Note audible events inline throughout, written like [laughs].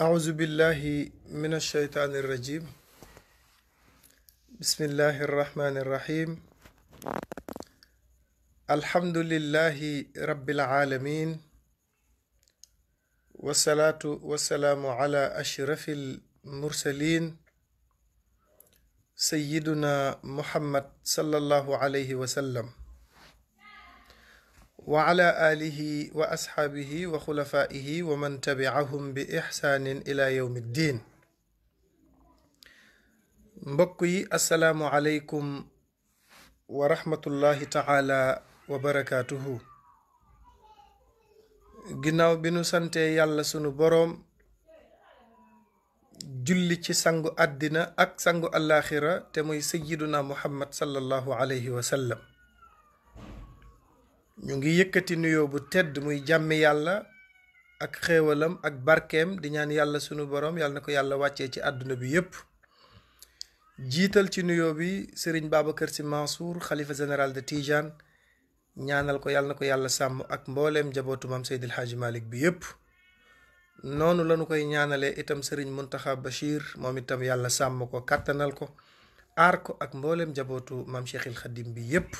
أعوذ بالله من الشيطان الرجيم بسم الله الرحمن الرحيم الحمد لله رب العالمين والصلاة والسلام على أشرف المرسلين سيدنا محمد صلى الله عليه وسلم wa ala alihi wa asxaabihi wa xulafaa'ihi wa man tabi'ahum bi ixsaanin ila yawmi ddiin mbokk yi asalaamu aleykum wa rahmatullahi taala wa barakaatuhu ginnaaw bi nu yàlla sunu boroom julli ci sangu àddina ak sangu alaaxira te muy sayyiduna muhammad sallallahu alayhi wa sallam ñu ngi yëkkati nuyoo bu tedd muy jàmm yàlla ak xéewalam ak barkeem di ñaan yàlla sunu borom yàlla na ko yàlla wàccee ci àdduna bi yépp jiital ci nuyoo bi sëriñ kër Sy Mansour xalifa général de Tijane ñaanal ko yàlla ko yàlla sàmm ak mbooleem jabootu maam Seydil Hadji Malick bi yépp noonu lañu koy ñaanalee itam sëriñ Muntaxa Bachir moom itam yàlla sàmm ko kàttanal ko aar ko ak mbooleem jabootu maam Cheikhil Khadim bi yépp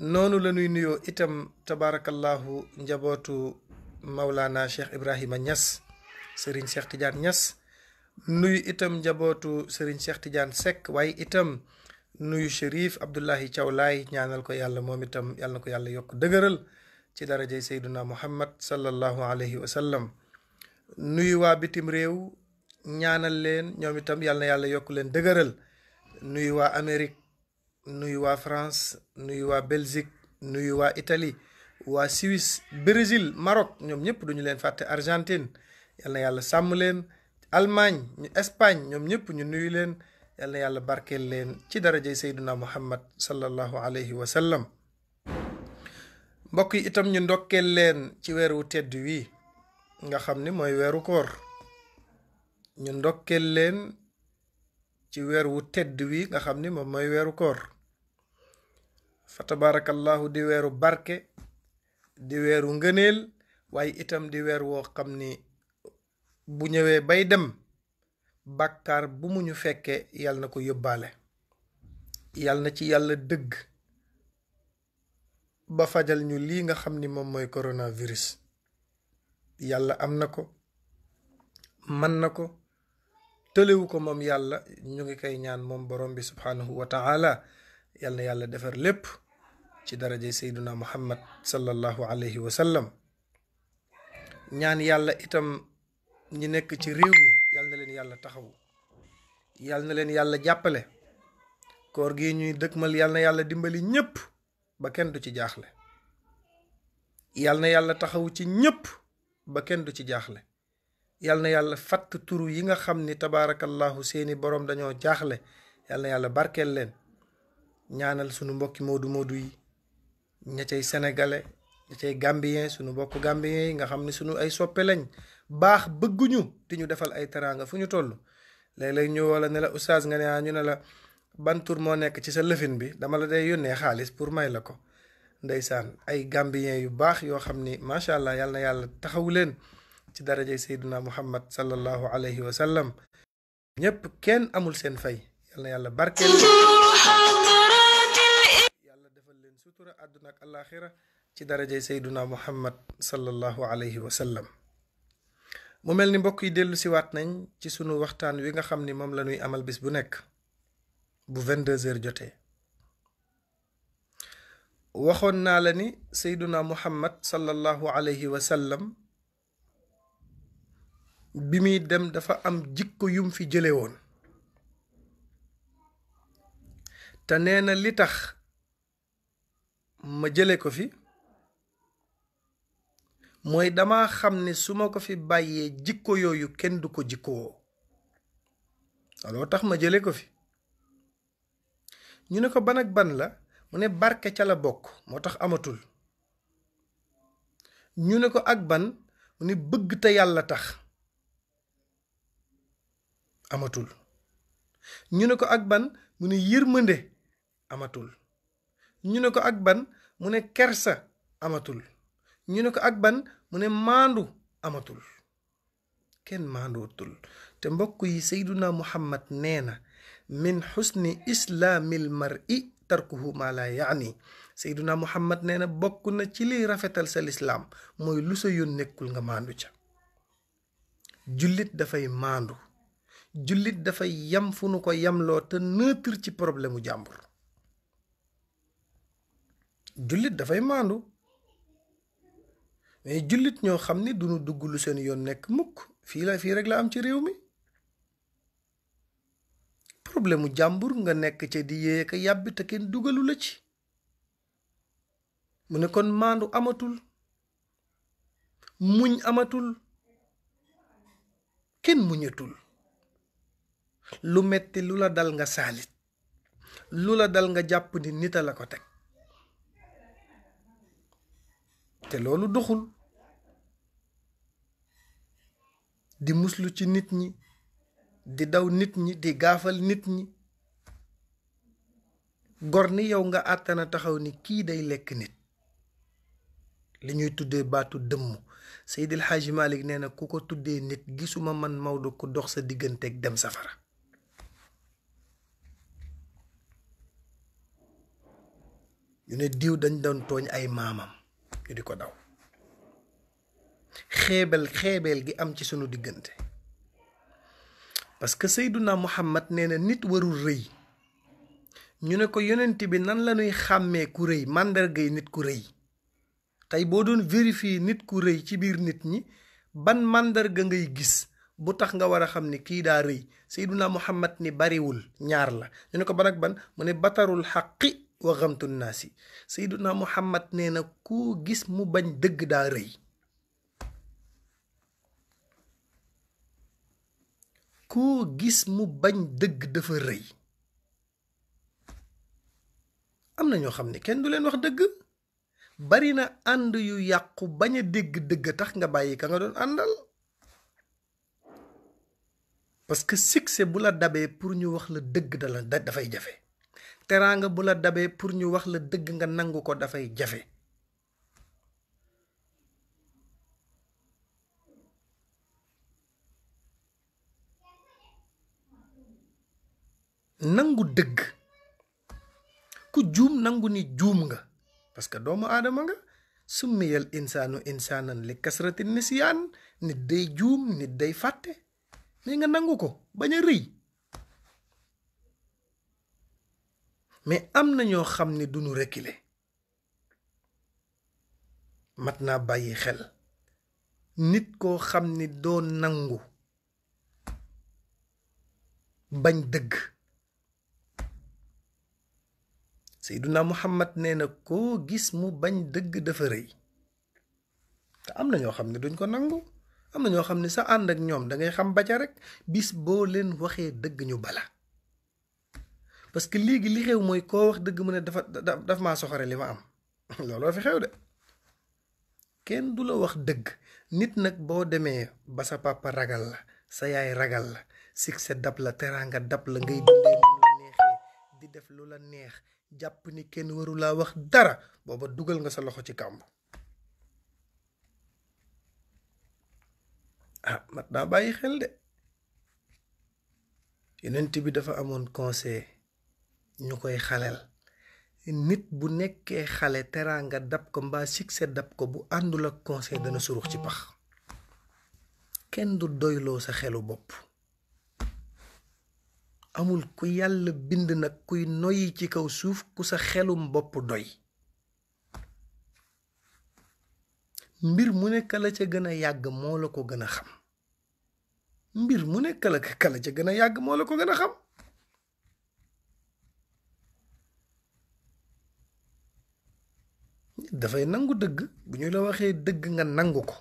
noonu la ñuy nuyoo itam tabaarakallahu njabootu Maulana Cheikh Ibrahima ñas Serigne Cheikh Tidiane ñas nuyu itam njabootu Serigne Cheikh Tidiane Seck waaye itam nuyu Cherif Abdullahi Thiaw Laay ñaanal ko yàlla moom itam yàlla ko yàlla yokk dëgëral ci darajay Seyduna Muhammad sallallahu alayhi wa sallam nuyu waa bitim réew ñaanal leen ñoom itam yàlla yàlla yokk leen dëgëral nuyu waa Amérique. nuyu waa France nuyu waa Belgique nuyu waa Italie waa Suisse Brésil Maroc ñoom ñëpp duñu leen fàtte Argentine yal na yàlla sàmm leen Allemagne ñu Espagne ñoom ñëpp ñu nuyu leen yal na yàlla barkeel leen ci darajay Seyduna Muhammad sallallahu alayhi wa sallam mbokk yi itam ñu ndokkeel leen ci weeru tedd wi nga xam ni mooy weeru koor ñu ndokkeel leen ci weer wu tedd wi nga xam ni moom mooy weeru koor fa tabarakallahu di weeru barke di weeru ngëneel waaye itam di weer woo xam ni bu ñëwee bay dem bàkkaar bu mu ñu fekkee yàlla na ko yóbbaale yàlla na ci yàlla dëgg ba fajal ñu lii nga xam ni moom mooy coronavirus yàlla am na ko mën na ko tëlewu ko moom yàlla ñu ngi koy ñaan moom borom bi subhaanahu wa ta'ala yal na yàlla defar lépp ci daraje sayduna muhammad sallallahu alayhi wa sallam ñaan yàlla itam ñi nekk ci réew mi yal leen yàlla taxaw yal na leen yàlla jàppale koor gi ñuy dëkkmal yal na yàlla dimbali ñépp ba kenn du ci jaaxle yal na yàlla taxaw ci ñépp ba kenn du ci jaaxle yal na yàlla fatt turu yi nga xam ni tabaarakallahu seeni boroom dañoo jaaxle yal yàlla barkeel leen ñaanal sunu mbokki moodu moodu yi ña cay sénégalais gambien sunu mbokk gambien yi nga xam ne sunu ay soppe lañ baax bëgguñu di ñu defal ay teraanga fu ñu toll léeg-léeg ñëw wala ne la oustaz nga ne ah, ñu ne la ban tur moo nekk ci sa lëfin bi dama la day yónnee xaalis pour may la ko ndeysaan ay gambien yu baax yoo xam ni macha allah yàlla na yàlla taxawu leen ci darajay sayduna muhammad sallallahu alayhi wa sallam ñëpp kenn amul seen fay yàlla na yàlla barkeel sutura àdduna ak ci darajay sayduna muhammad sallallahu alayhi wa mu mel ni mbokk yi dellu nañ ci sunu waxtaan wi nga xam ni moom la amal bis bu nekk bu 22 heures jotee waxoon naa la ni sayduna muhammad sallallahu alayhi wa sallam bi muy dem dafa am jikko yum fi jële woon te neena li tax ma jële ko fi mooy dama xam ne su ma ko fi bàyyee jikko yooyu kenn du ko jikkowoo looloo tax ma jële ko fi ñu ne ko ban ak ban la mu ne barke ca la bokk moo tax amatul ñu ne ko ak ban mu ne bëgg te yàlla tax amatul ñu ne ko ak ban mu ne yërmande amatul ñu ne ko ak ban mu ne kersa amatul ñu ne ko ak ban mu ne maandu amatul kenn maandootul te mbokk yi sayduna muhammad nee na min xusni islaamil mar'i tarkuhu ma la yaani sayduna muhammad nee na bokk na ci liy rafetal sa lislaam mooy lu sa yoon nekkul nga maandu ca jullit dafay maandu jullit dafay yam fu nu ko yamloo te neutre ci problème mu jullit dafay maandu mais jullit ñoo xam ni duñu dugg lu seen yoon nekk mukk fii la fii rek la am ci réew mi problème mu jàmbur nga nekk ca di yee ka yàbbi te kenn dugalu la ci mu ne kon maandu amatul muñ amatul kenn muñatul lu metti lu la dal nga saalit lu la dal nga jàpp ni nita la ko teg te loolu doxul di muslu ci nit ñi di daw nit ñi di gaafal nit ñi gor ni yow nga àttana taxaw ni kii day lekk nit li ñuy tuddee baatu dëmm Seydil Hadji Malick nee na ku ko tuddee nit gisuma man Maodo ku dox sa digganteeg dem safara yu ne diw dañ doon tooñ ay maamam ñu di ko daw xeebel xeebel gi am ci sunu diggante parce que Seyduna Muhammad nee na nit warul rëy ñu ne ko yonent bi nan la ñuy xàmmee ku rëy màndargay nit ku rëy tey boo doon vérifier nit ku rëy ci biir nit ñi ban màndarga ngay gis bu tax nga war a xam ni kii daa rëy Seyduna Muhammad ni bariwul ñaar la ñu ne ko ban ak ban mu ne batarul xaqi wa xamtu naasi sayduna muhammad nee na koo gis mu bañ dëgg daa rëy koo gis mu bañ dëgg dafa rëy am na ñoo xam ne kenn du leen wax dëgg bari na ànd yu yàqu bañ a dégg dëgg tax nga bàyyi ka nga doon àndal parce que succès bu la dabee pour ñu wax la dëgg dala dafay jafe teraanga bu la dabee pour ñu wax la dëgg nga nangu ko dafay jafe nangu dëgg ku juum nangu ni juum nga parce que doomu aadama nga summiyal insaanu insaanan li kasrati nisiyaan nit day juum nit day fàtte mais nga nangu ko bañ a rëy mais am na ñoo xam ne duñu reculer mat naa bàyyi xel nit koo xam ni doo nangu bañ dëgg Seyduna Muhammad nee na koo gis mu bañ dëgg dafa rëy te am na ñoo xam ne duñ ko nangu am na ñoo xam ne sa ànd ak ñoom dangay xam ba ca rek bis boo leen waxee dëgg ñu bala parce que léegi li xew mooy koo wax dëgg mu ne dafa daf maa soxore li ma am [laughs] looloo fi xew de kenn du la wax dëgg nit nag boo demee ba sa papa ragal la sa yaay ragal la succès dab la teraanga dab la ngay dundee lu di def lu la neex jàpp ni kenn waru laa wax dara booba dugal nga sa loxo ci kàmbu ah mat naa bàyyi xel de yonent bi dafa amoon conseil ñu koy xaleel nit bu nekkee xale teraanga dab ko mbaa succès dab ko bu àndul ak conseil dana surux ci pax kenn du doyloo sa xelu bopp amul ku yàlla bind nag kuy noyyi ci kaw suuf ku sa xelum bopp doy mbir mu ne kala ca gën a yàgg moo la ko gën a xam mbir mu ne kala kala ca gën a yàgg moo la ko gën a xam dafay nangu dëgg bu ñu la waxee dëgg nga nangu ko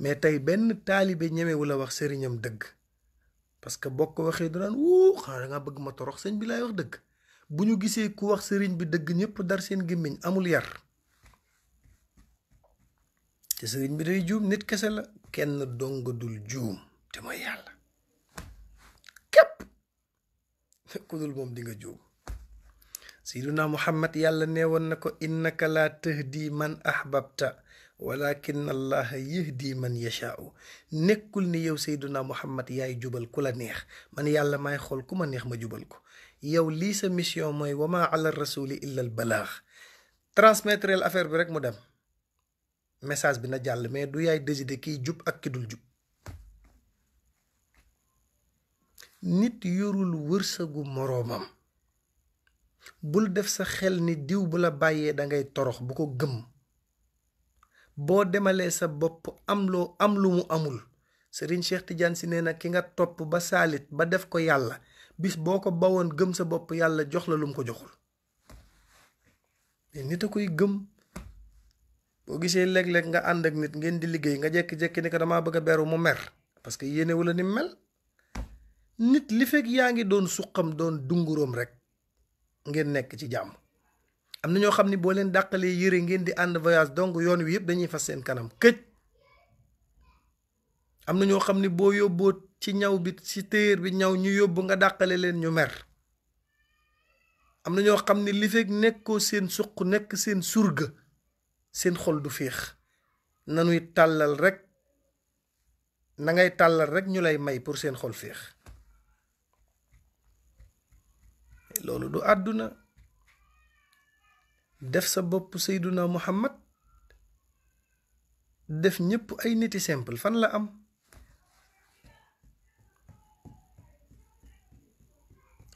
mais tey benn taalibe ñemewu la wax sëriñam dëgg parce que bokk waxee du naan wuu xanaa da bëgg ma torox sëñ bi lay wax dëgg bu ñu gisee ku wax sëriñ bi dëgg ñëpp dar seen gémmiñ amul yar te sëriñ bi day juum nit kese la kenn dong dul juum te mooy yàlla képp [laughs] ku dul moom di juum seyduna muhammad yàlla nee woon na ko innaka laa tahdi man ahbabta walakin allaha yahdi man yashaau nekkul ni yow seyduna muhammad yaay jubal ku la neex man yàlla maay xool ku ma neex ma jubal ko yow lii sa mission mooy wama ala rasuli illa al balaax transmettre affaire bi rek mu dem message bi na jàll mais du yaay décider kiy jub ak ki jub nit yorul wërsëgu moroomam bul def sa xel ni diw bu la bàyyee da ngay torox bu ko gëm boo demalee sa bopp am loo am lu mu amul Serigne Cheikh Tidiane si nee na ki nga topp ba saalit ba def ko yàlla bis boo ko bawoon gëm sa bopp yàlla jox la lum ko joxul mais nit a koy gëm boo gisee léeg-léeg nga ànd ak nit ngeen di liggéey nga jékki-jékki ni ko damaa bëgg a beru mu mer parce que yéene wala ni mel nit li fekk yaa ngi doon suqam doon dunguróom rek ngeen nekk ci jàmm am na ñoo xam ne boo leen dàqalee yére ngeen di ànd voyage donc yoon wi yëpp dañuy fas seen kanam këj am na ñoo xam ne boo yóbboo ci ñaw bi ci téer bi ñaw ñu yóbbu nga dàqale leen ñu mer am na ñoo xam ne li fekk nekkoo seen suq nekk seen surga seen xol du féex nanuy tàllal rek na ngay tàllal rek ñu lay may pour seen xol féex loolu du àdduna def sa bopp sayduna muhammad def ñépp ay niti simple fan la am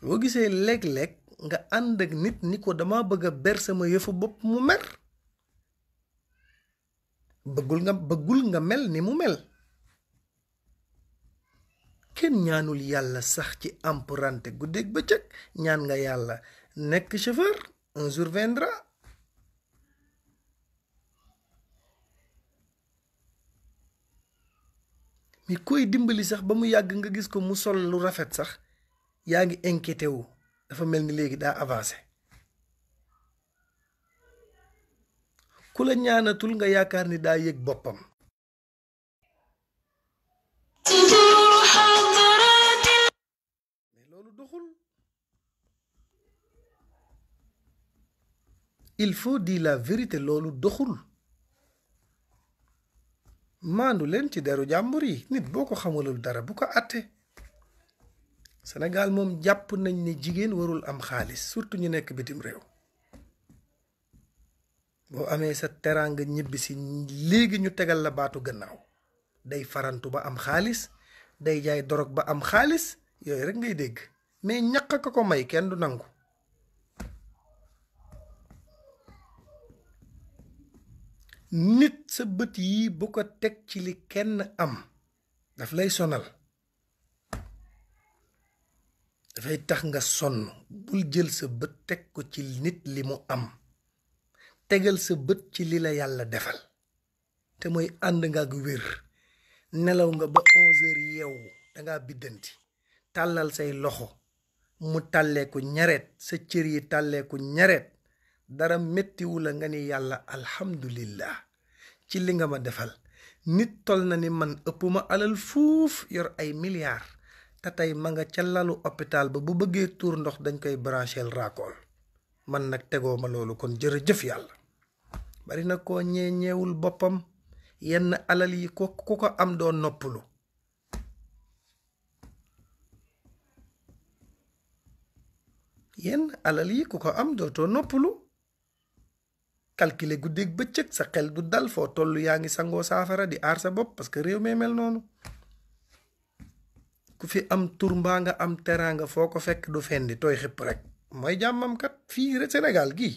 boo gisee léeg-léeg nga ànd ak nit ni ko dama bëgg a ber sama yëfu bopp mu mer bëggul nga bëggul nga mel ni mu mel kenn ñaanul yàlla sax ci emprunté guddeeg bëccëg ñaan nga yàlla nekk chauffeur un jour viendra mais koy dimbali sax ba mu yàgg nga gis ko mu sol lu rafet sax yaa ngi inquiété wu dafa mel ni léegi daa avancé ku la ñaanatul nga yaakaar ni daa yëg boppam il faut dire la vérité loolu doxul maandu leen ci deru jàmbur yi nit boo ko xamalul dara bu ko àtte senegal moom jàpp nañ ni jigéen warul am xaalis surtout ñu nekk bitim réew boo amee sa teraanga ñibbisi léegi ñu tegal la baatu gannaaw day farantu ba am xaalis day jaay dorog ba am xaalis yooyu rek ngay dégg mais ñaq ko ko may kenn du nangu nit sa bët yi bu ko teg ci li kenn am daf lay sonal dafay tax nga sonn bul jël sa teg ko ci nit li mu am tegal sa bët ci lila yàlla defal te mooy ànd nga ak wér nelaw nga ba onze heures yeewu dangaa biddanti tàllal say loxo mu tàllee ko ñaret sa cër yi tàllee ko ñaret dara méttiwu la nga ni yàlla alhamdulillah ci li nga ma defal nit tol na ni man ëpp ma alal fuuf yor ay milliards te tey ma nga ca lalu hôpital ba bu bëggee tuur ndox dañ koy branchel raakool man nag tegoo ma loolu kon jër jëf yàlla bari na koo ñee ñeewul boppam yenn alal yi ko ko am alal yi ku ko am dootoo noppalu calculer guddeeg bëccëg sa xel du dal foo toll yaa ngi sangoo saafara di aar sa bopp parce que réew mee mel noonu ku fi am tur nga am teraanga foo ko fekk du fendi tooy xëpp rek mooy jàmmam kat fii Sénégal gii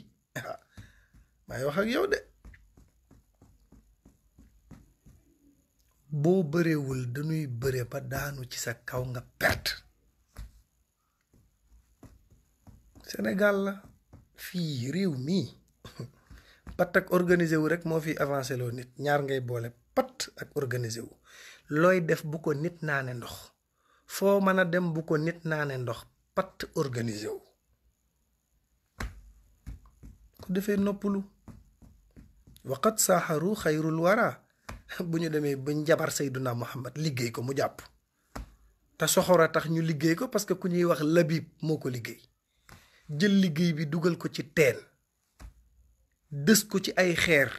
[laughs] maay wax yow de boo bërewul dañuy bëre ba ci sa kaw nga perte Sénégal la fii réew mii [laughs] pat ak organisé wu rek moo fi avancé loo nit ñaar ngay boole pat ak organisé wu looy def bu ko nit naa ne ndox foo mën a dem bu ko nit ne ndox pat organisé wu ku defee noppalu waqat saaxaru xayrul wara [laughs] bu ñu demee ba njabar sayduna muhammad liggéey ko mu jàpp te a tax ñu liggéey ko parce que ku ñuy wax labib moo ko liggéey jël liggéey bi dugal ko ci teen dës ko ci ay xeer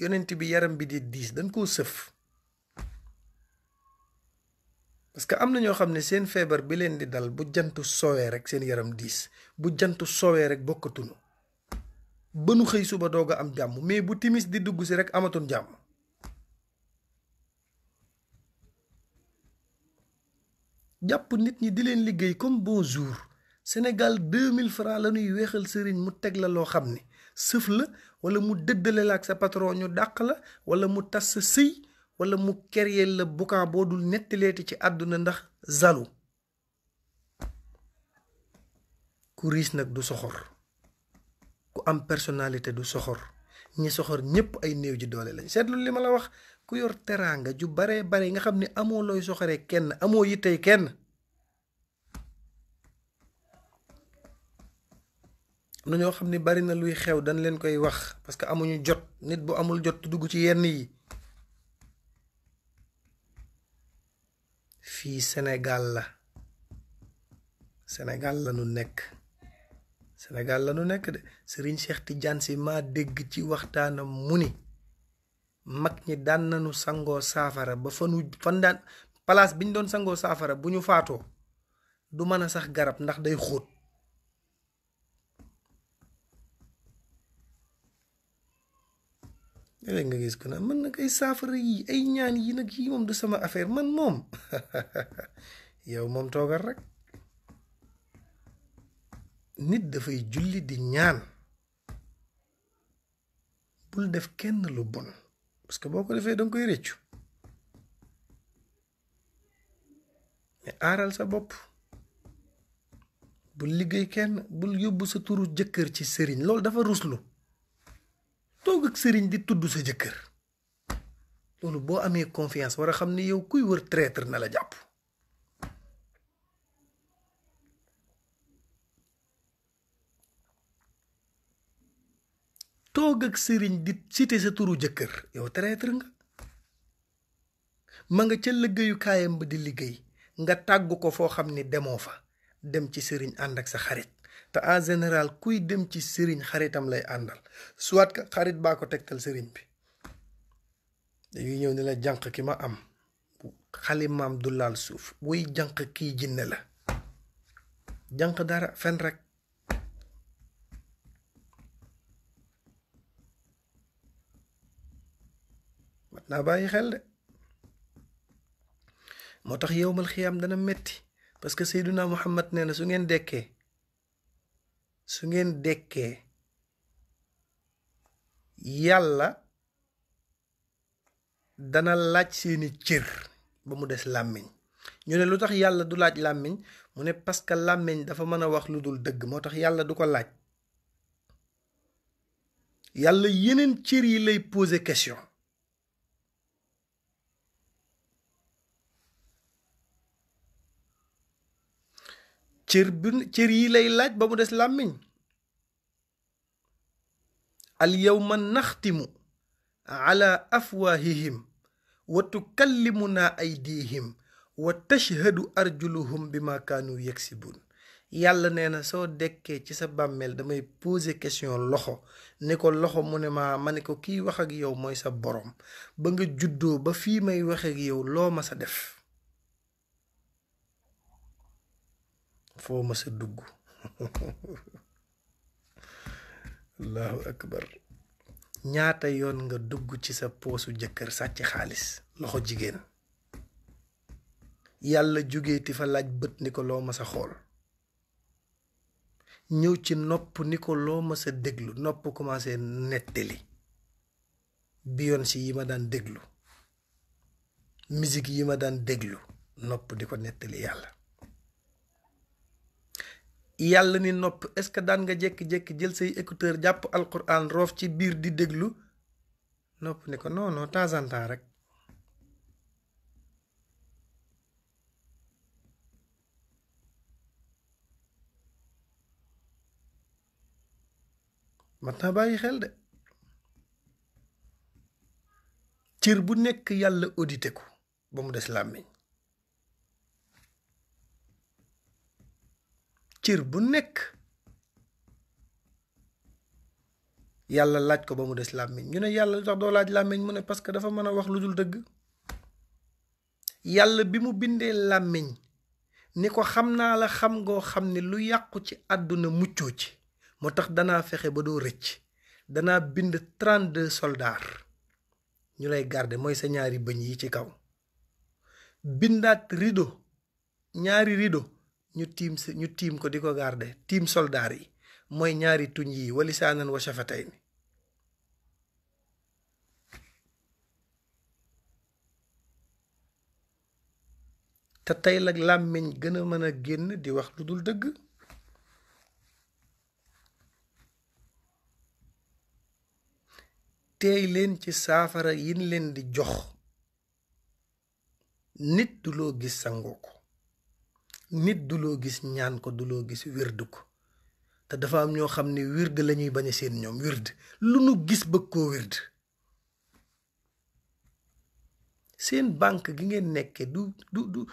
yonent bi yaram bi di diis dañ koo sëf parce que am na ñoo xam ne seen feebar bi leen di dal bu jant soowee rek seen yaram diis bu jant soowee rek bokkatuñu ba nu xëy suba doog a am jàmm mais bu timis di dugg si rek amatoon jàmm jàpp nit ñi di leen liggéey comme jour senegal 2000 francs la lañuy weexal sëriñ mu teg la loo xam ne sëf la wala mu dëddale la ak sa patron ñu dàq la wala mu tas sa sëy wala mu keryeel la boucan boo dul nettaleeti ci àdduna ndax zalu ku riis nag du soxor ku am personnalité du soxor ñi soxor ñépp ay néew ji doole lañ seetlu li ma la wax ku yor teraanga ju baree bare nga xam ni amoo looy soxoree kenn amoo yittey kenn na ñoo xam ne bari na luy xew dañ leen koy wax parce que amuñu jot nit bu amul jot dugg ci yenn yi fii senegal la senegal la nekk senegal la nekk de Serigne Cheikh Tidiane si ma dégg ci waxtaanam mu ni mag ñi daan nañu sangoo saafara ba fa nu fan daan palaas bi doon sangoo saafara bu ñu faatoo du mën a sax garab ndax day xóot léeg nga gis ko naan man nag ay saafara yi ay ñaan yi nag yii moom du sama affaire man moom [laughs] yow moom toogal rek nit dafay julli di ñaan bul def kenn lu bon parce que boo ko defee danga koy réccu mais aaral sa bopp bul liggéey kenn bul yóbbu sa turu jëkkër ci sëriñ loolu dafa ruslu toog ak sëriñ di tudd sa jëkkër loolu boo amee confiance war a xam ni yow kuy wër traître na la jàpp toog ak sëriñ di cité sa turu jëkkër yow traître nga ma nga ca liggéeyu kaayam ba di liggéey nga tàggu ko foo xam ni demoo fa dem ci sëriñ ànd ak sa xarit te en général kuy dem ci sëriñ xaritam lay àndal soit que xarit baa ko tegtal sëriñ bi dañuy ñëw ne la jànq ki ma am xalimaam du laal suuf wuy jànq kii jinne la jànq dara fen rekk mat naa bàyyi xel de moo tax yowmal xiyaam dana metti parce que Seyduna Muhammad nee na su ngeen dekkee su ngeen dekkee yàlla dana laaj seeni cër ba mu des làmmiñ ñu ne lu tax yàlla du laaj làmmiñ mu ne parce que làmmiñ dafa mën a wax lu dul dëgg moo tax yàlla du ko laaj yàlla yeneen cër yi lay poser question cër bi cër yi lay laaj ba mu des làmmiñ al yawma naxtimu ala afwaahihim wa tukallimunaa aydihim wa tashhadu arjuluhum bi ma kaanu yaksibun yàlla nee na soo dekkee ci sa bàmmeel damay poser question loxo ne ko loxo mu ne ma ma ne ko kiy wax ak yow mooy sa borom ba nga juddoo ba fii may wax yow loo ma sa def foo ma a dugg [laughs] allahu akbar ñaata yoon nga dugg ci sa poosu jëkkër sàcc xaalis loxo jigéen yàlla jógeeti fa laaj bët ni ko loo mës a xool ñëw ci nopp ni ko loo mës a déglu nopp commencé nettali biyoon si yi ma daan déglu musique yi ma daan déglu nopp di ko nettali yàlla yàlla ni nopp est-ce que daan nga jékki-jékki jël say écouteur jàpp alquran roof ci biir di déglu nopp ni ko noonoo non temps en temps rek mat bàyyi xel de cër bu nekk yàlla audité ko ba mu des làmmiñ cër bu nekk yàlla laaj ko ba mu des làmmiñ ñu ne yàlla lu tax doo laaj làmmiñ mu ne parce que dafa mën a wax lu dul dëgg yàlla bi mu bindee làmmiñ ni ko xam naa la xam ngoo xam ne lu yàqu ci àdduna muccoo ci moo tax danaa fexe ba doo rëcc danaa bind 32 soldats ñu lay garder mooy sa ñaari bëñ yi ci kaw bindaat rido ñaari rideau ñu tiim si ñu tiim ko di ko garde tiim soldaar yi mooy ñaari tuñ yi walisaanan wa shafatay ni te tey la làmmiñ gën a mën a génn di wax lu dul dëgg teey leen ci saafara yin leen di jox nit du loo gis sangoo ko nit du loo gis ñaan ko du loo gis wirdu ko te dafa am ñoo xam ne wird lañuy ñuy bañ a seen ñoom wird lu nu gis bëgg koo wird seen banque gi ngeen nekkee du du du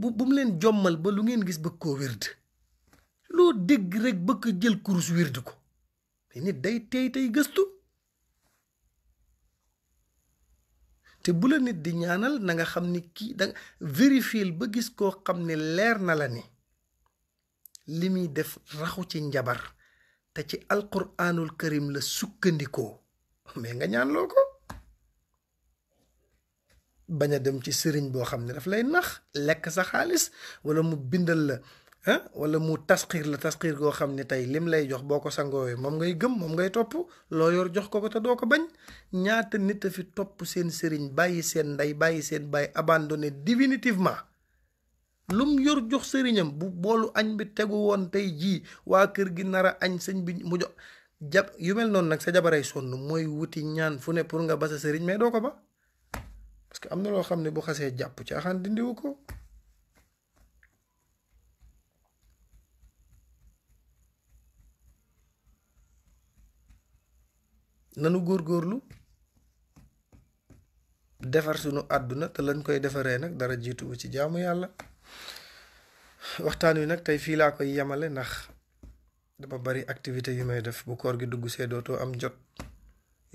bu mu leen jommal ba lu ngeen gis bëgg koo wird loo dégg rek bëgg jël kurus wird ko nit day tey tey gëstu te bu la nit di ñaanal nanga xam ni kii da vérifier ba gis koo xam ne leer na la ni li muy def raxu ci njabar te ci alquranul karim la sukkandikoo mais nga ñaan loo ko bañ a dem ci sëriñ boo xam ne daf lay nax lekk sa xaalis walla mu bindal la ah wala mu tasxiir la tasxiir goo xam ne tey lim lay jox boo ko sangoowee moom ngay gëm moom ngay topp loo yor jox ko ko te doo ko bañ ñaata nit a fi topp seen sëriñ bàyyi seen ndey bàyyi seen baay abandonné définitivement lum yor jox sëriñam bu boolu añ bi tegu woon tey jii waa kër gi nar añ sëñ bi mu jox jab yu mel noonu nag sa jabaray sonn mooy wuti ñaan fu ne pour nga basa sa sëriñ mais doo ko ba parce que am na loo xam ne bu xasee jàpp ci axaan dindiwu nanu góor góorlu defar sunu àdduna te lañ koy defaree nag dara jiituwu ci jaamu yàlla waxtaan wi nag tey fii laa koy yemale ndax dama bari activité yu may def bu koor gi dugg see dootoo am jot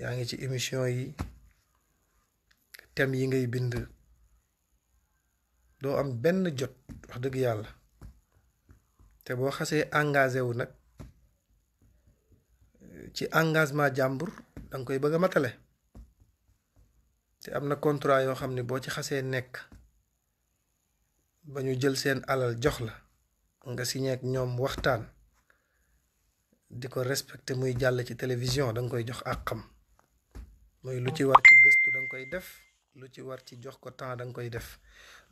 yaa ngi ci émission yi thème yi ngay bind doo am benn jot wax dëgg yàlla te boo xasee engagé wu nag ci engagement jàmbur da nga koy bëgg a matale te am na contrat yoo xam ne boo ci xasee nekk ba ñu jël seen alal jox la nga signé ak ñoom waxtaan di ko respecté muy jàll ci télévision da nga koy jox àqam muy lu ci war ci gëstu nga koy def lu ci war ci jox ko temps da nga koy def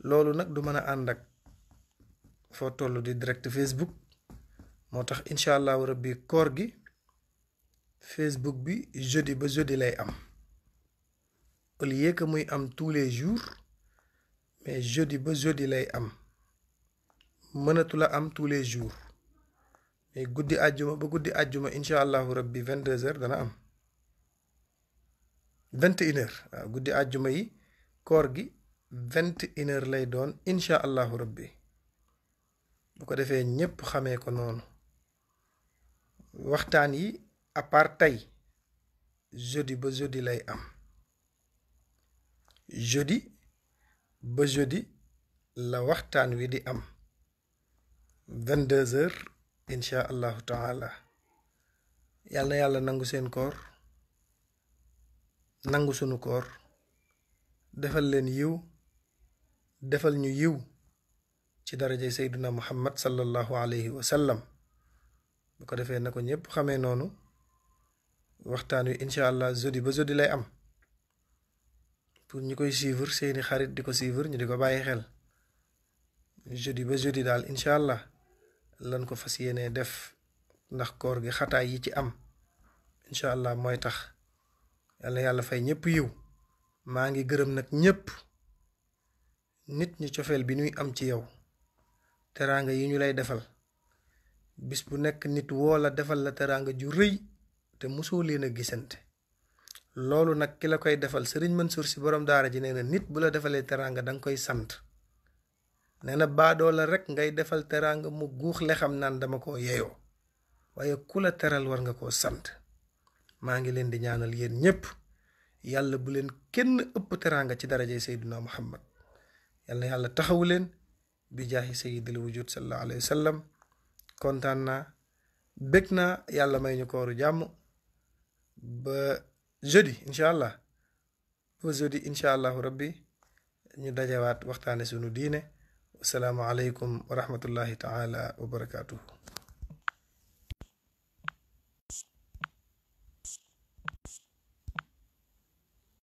loolu nag du mën a ànd ak foo toll di direct Facebook moo tax incha allahu rabbi koor gi. facebook bi jeudi ba jeudi lay am au lieu que muy am tous les jours mais jeudi ba jeudi lay am mënatul a am tous les jours mais guddi àjjuma ba guddi àjjuma incha allahu rabbi vingt deux heures dana am vingt une guddi àjjuma yi koor gi vingt une lay doon incha allahu rabbi bu ko defee ñépp xamee ko noonu waxtaan yi à part tey jeudi ba jeudi lay am jeudi ba jeudi la waxtaan wi di am vingt deux heures incha allahu taala yàlla yàlla nangu seen koor nangu sunu koor defal leen yiw defal ñu yiw ci darajay sayduna muhammad sallallahu alayhi wa sallam bu ko defee na ko ñépp xamee noonu waxtaan wi incha allah jeudi ba jeudi lay am pour ñi koy suivre seeni xarit di ko suivre ñu di ko bàyyi xel jeudi ba jeudi daal incha allah lan ko fas yéenee def ndax koor gi xataay yi ci am incha allah mooy tax yàlla yàlla fay ñëpp yiw maa ngi gërëm nag ñëpp nit ñi cofeel bi ñuy am ci yow teraanga yi ñu lay defal bis bu nekk nit woo la defal la teraanga ju rëy te mosoo leen a gisante loolu nag ki la koy defal sëriñ Mansour si boroom daara ji nee na nit bu la defalee teraanga danga koy sant nee na baadoo rek ngay defal teraanga mu guux le xam naan dama ko yeyoo waaye ku la teral war nga koo sant maa ngi leen di ñaanal yéen ñëpp yàlla bu leen kenn ëpp teraanga ci darajay Seydina Muhammad yàlla yàlla taxawu leen bi jaaxi sayyidil wujud sallallahu alayhi wa sallam kontaan naa bég naa yàlla may ñu kooru jàmm ba jeudi incha allah ba incha allahu rabbi ñu dajawaat waxtaane sunu diine asalaamaaleykum wa rahmatullahi taala wa barakaatuhu